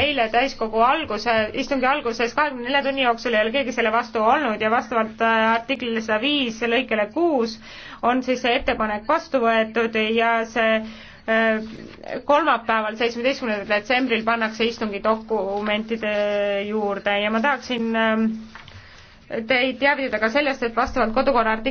eile täiskogu alguse, istungi alguses kahekümne nelja tunni jooksul ei ole keegi selle vastu olnud ja vastavalt äh, artiklile sada viis lõikele kuus on siis see ettepanek vastu võetud ja see äh, kolmapäeval, seitsmeteistkümnendal detsembril pannakse istungi dokumentide juurde ja ma tahaksin ähm, teid teavitada ka sellest, et vastavalt kodukorra artikli